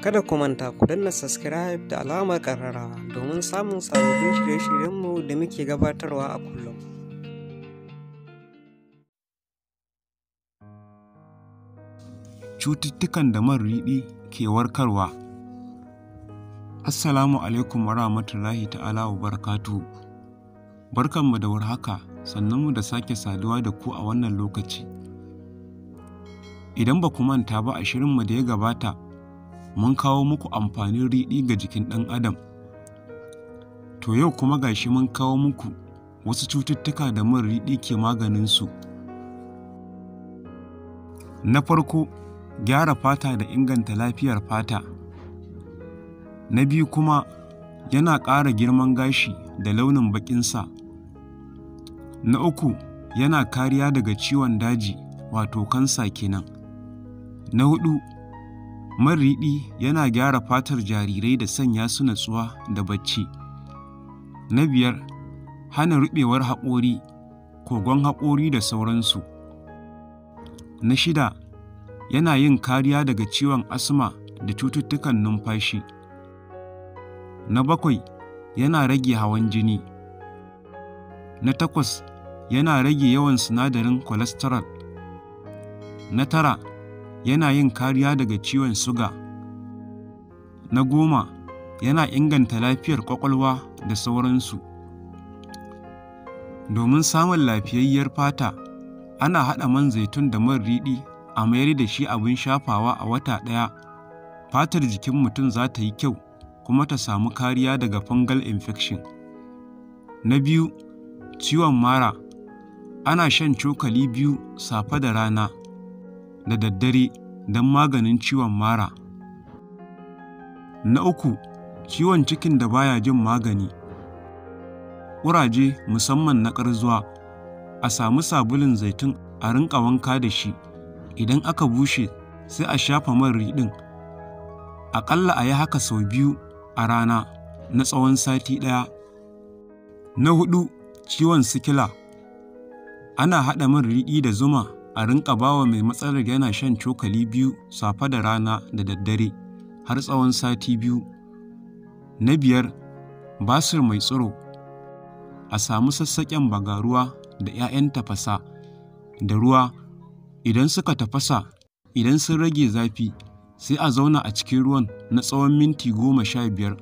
Kada ku manta ku danna subscribe da alamar karara domin samun sababbin shirye-shiryenmu da muke gabatarwa a kullum. Cututtukan da man riɗi ke warkarwa Assalamu alaikum wa rahmatullahi ta'ala wa barakatuhu. Barkanmu da warhaka, sannanmu da sake saduwa da ku a wannan lokaci. Idan ba ku manta ba a shirinmu da ya gabata, mun kawo muku amfanin riɗi ga jikin ɗan adam to yau kuma gashi mun kawo muku wasu cututtuka da man riɗi ke maganinsu na farko gyara fata da inganta lafiyar fata na biyu kuma yana ƙara girman gashi da launin baƙinsa na uku yana kariya daga ciwon daji wato kansa kenan na hudu Man riɗi yana gyara fatar jarirai da sanya su natsuwa da bacci. Na biyar, hana ruɓewar haƙori, kogon haƙori da sauransu. Na shida, yana yin kariya daga ciwon asma da cututtukan numfashi. Na bakwai, yana rage hawan jini. Na takwas, yana rage yawan sinadarin cholesterol. Na tara, yana yin kariya daga ciwon suga. Na goma, yana inganta lafiyar kwakwalwa da sauransu. Domin samun lafiyayyar fata, ana haɗa man zaitun da man riɗi a mayar da shi abin shafawa a wata ɗaya. Fatar jikin mutum za ta yi kyau kuma ta samu kariya daga fungal infection. Na biyu, ciwon mara. Ana shan cokali biyu safe da rana. da daddare don maganin ciwon mara. Na uku, ciwon cikin da baya jin magani. Ƙuraje musamman na ƙarzuwa, a samu sabulun zaitun a rinƙa wanka da shi, idan aka bushe sai a shafa man riɗin. Aƙalla a yi haka sau biyu a rana na tsawon sati ɗaya. Na huɗu, ciwon sikila. Ana haɗa man riɗi da zuma a rinƙa bawa mai matsalar yana shan cokali biyu safe da rana da daddare har tsawon sati biyu. Na biyar, basir mai tsiro. A samu sassaƙen bagaruwa da ‘ya'yan tafasa da ruwa idan suka tafasa idan sun rage zafi sai a zauna a cikin ruwan na tsawon minti goma sha biyar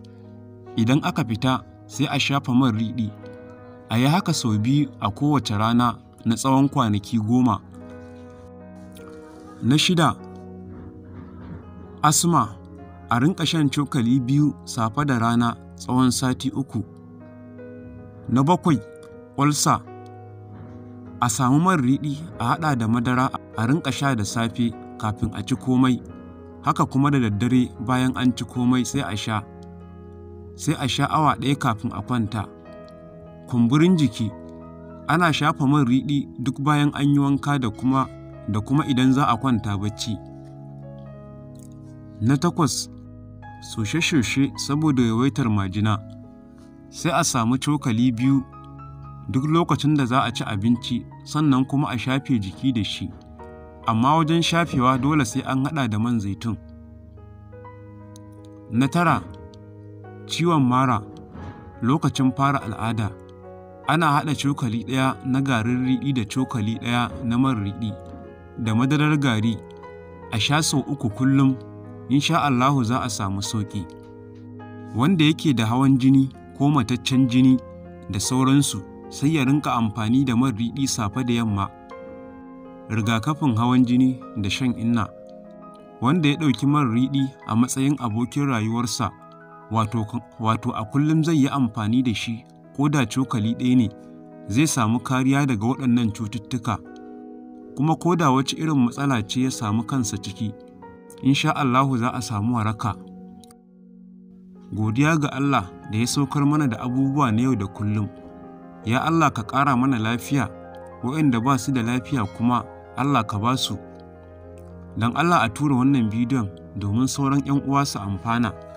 idan aka fita sai a shafa man riɗi a yi haka sau biyu a kowace rana na tsawon kwanaki goma Na shida, asma a rinka shan cokali biyu safe da rana tsawon sati uku. Na bakwai, olsa a samu man riɗi a haɗa da madara a rinƙa sha da safe kafin a ci komai, haka kuma da daddare bayan an ci komai sai a sha, sai a sha awa ɗaya kafin a kwanta. Kumburin jiki ana shafa man riɗi duk bayan an yi wanka da kuma da kuma idan za a kwanta bacci. Na takwas, soshe-soshe saboda yawaitar majina, sai a samu cokali biyu duk lokacin da za a ci abinci sannan kuma a shafe jiki da shi, amma wajen shafewa dole sai an haɗa da man zaitun. Na tara, ciwon mara lokacin fara al'ada, ana haɗa cokali ɗaya na garin riɗi da cokali ɗaya na man riɗi. da madarar gari a sha sau uku kullum insha Allahu za a samu sauƙi. Wanda yake da hawan jini ko mataccen jini da sauransu sai ya rinka amfani da man riɗi safe da yamma. Rigakafin hawan jini da shan inna Wanda ya ɗauki man riɗi a matsayin abokin rayuwarsa wato a kullum zai yi amfani da shi ko da cokali ɗaya ne zai samu kariya daga waɗannan cututtuka. kuma ko da wace irin matsala ce ya samu kansa ciki insha Allahu za a samu waraka godiya ga Allah da ya saukar mana da abubuwa na yau da kullum ya Allah ka ƙara mana lafiya waɗanda ba su da lafiya kuma Allah ka ba su don Allah a tura wannan bidiyon domin sauran 'yan uwa su amfana